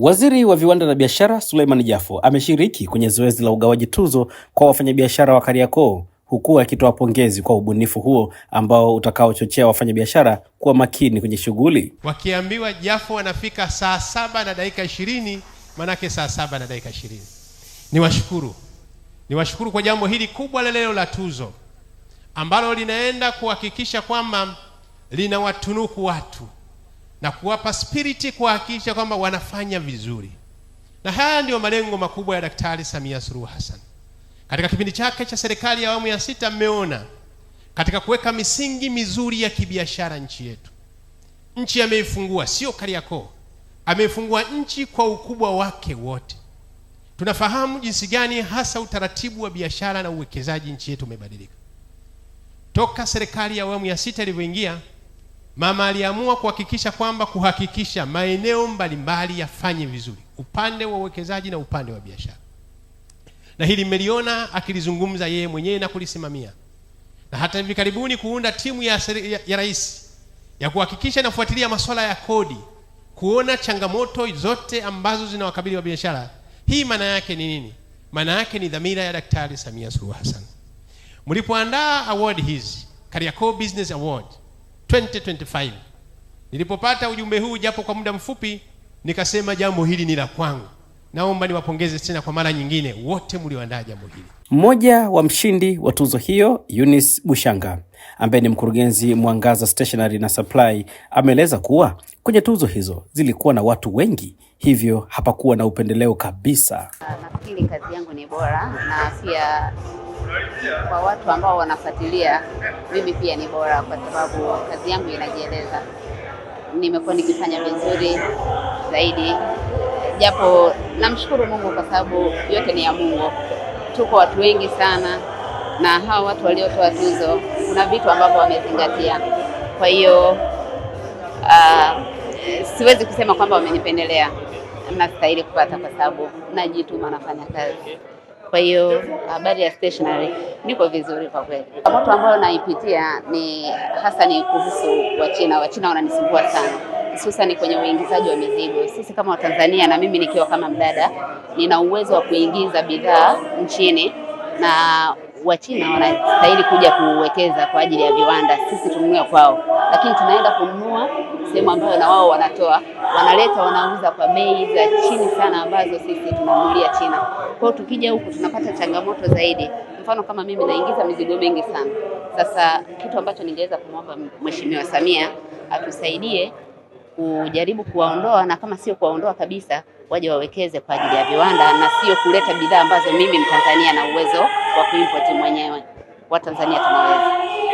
Waziri wa Viwanda na Biashara Suleiman Jafo ameshiriki kwenye zoezi la ugawaji tuzo kwa wafanyabiashara wa Kariakoo huku akitoa pongezi kwa ubunifu huo ambao utakaochochea wafanyabiashara kuwa makini kwenye shughuli. Wakiambiwa Jafo anafika saa saba na dakika ishirini manake saa saba na dakika ishirini. Niwashukuru, niwashukuru kwa jambo hili kubwa la leo la tuzo ambalo linaenda kuhakikisha kwamba linawatunuku watu na kuwapa spiriti kuhakikisha kwamba wanafanya vizuri, na haya ndiyo malengo makubwa ya Daktari Samia Suluhu Hassan. Katika kipindi chake cha serikali ya awamu ya sita, mmeona katika kuweka misingi mizuri ya kibiashara nchi yetu. Nchi ameifungua, sio Kariakoo, ameifungua nchi kwa ukubwa wake wote. Tunafahamu jinsi gani hasa utaratibu wa biashara na uwekezaji nchi yetu umebadilika toka serikali ya awamu ya sita ilivyoingia Mama aliamua kuhakikisha kwamba kuhakikisha maeneo mbalimbali yafanye vizuri, upande wa uwekezaji na upande wa biashara, na hili mmeliona akilizungumza yeye mwenyewe na kulisimamia, na hata hivi karibuni kuunda timu ya, ya, ya rais ya kuhakikisha inafuatilia masuala ya kodi, kuona changamoto zote ambazo zinawakabili wa biashara. Hii maana yake ni nini? Maana yake ni dhamira ya Daktari Samia Suluhu Hassan. Mlipoandaa award hizi Kariakoo Business Award 2025. Nilipopata ujumbe huu japo kwa muda mfupi, nikasema jambo hili ni la kwangu. Naomba niwapongeze tena kwa mara nyingine wote mlioandaa jambo hili. Mmoja wa mshindi wa tuzo hiyo Eunice Bushanga ambaye ni mkurugenzi Mwangaza Stationery na Supply ameeleza kuwa kwenye tuzo hizo zilikuwa na watu wengi, hivyo hapakuwa na upendeleo kabisa. Nafikiri kazi yangu ni bora na pia kwa watu ambao wanafuatilia, mimi pia ni bora, kwa sababu kazi yangu inajieleza. Nimekuwa nikifanya vizuri zaidi, japo namshukuru Mungu kwa sababu yote ni ya Mungu. Tuko watu wengi sana, na hawa watu waliotoa tuzo kuna vitu ambavyo wamezingatia. Kwa hiyo uh, siwezi kusema kwamba wamenipendelea, nastahili kupata kwa sababu najituma, nafanya kazi. Kwa hiyo habari ya stationery niko vizuri kwa kweli. Changamoto ambayo naipitia ni hasa ni kuhusu Wachina. Wachina wananisumbua sana, hususani kwenye uingizaji wa mizigo. Sisi kama Watanzania na mimi nikiwa kama mdada, nina uwezo wa kuingiza bidhaa nchini na Wachina wanastahili kuja kuwekeza kwa ajili ya viwanda, sisi tununua kwao, lakini tunaenda kununua sehemu ambayo na wao wanatoa, wanaleta, wanauza kwa bei za chini sana ambazo sisi tunanunulia China. Kwao tukija huku tunapata changamoto zaidi. Mfano kama mimi naingiza mizigo mingi sana. Sasa kitu ambacho ningeweza kumwomba Mheshimiwa Samia atusaidie kujaribu kuwaondoa na kama sio kuwaondoa kabisa waje wawekeze kwa ajili ya viwanda na sio kuleta bidhaa ambazo mimi Mtanzania na uwezo wa kuimport mwenyewe. Watanzania tunaweza.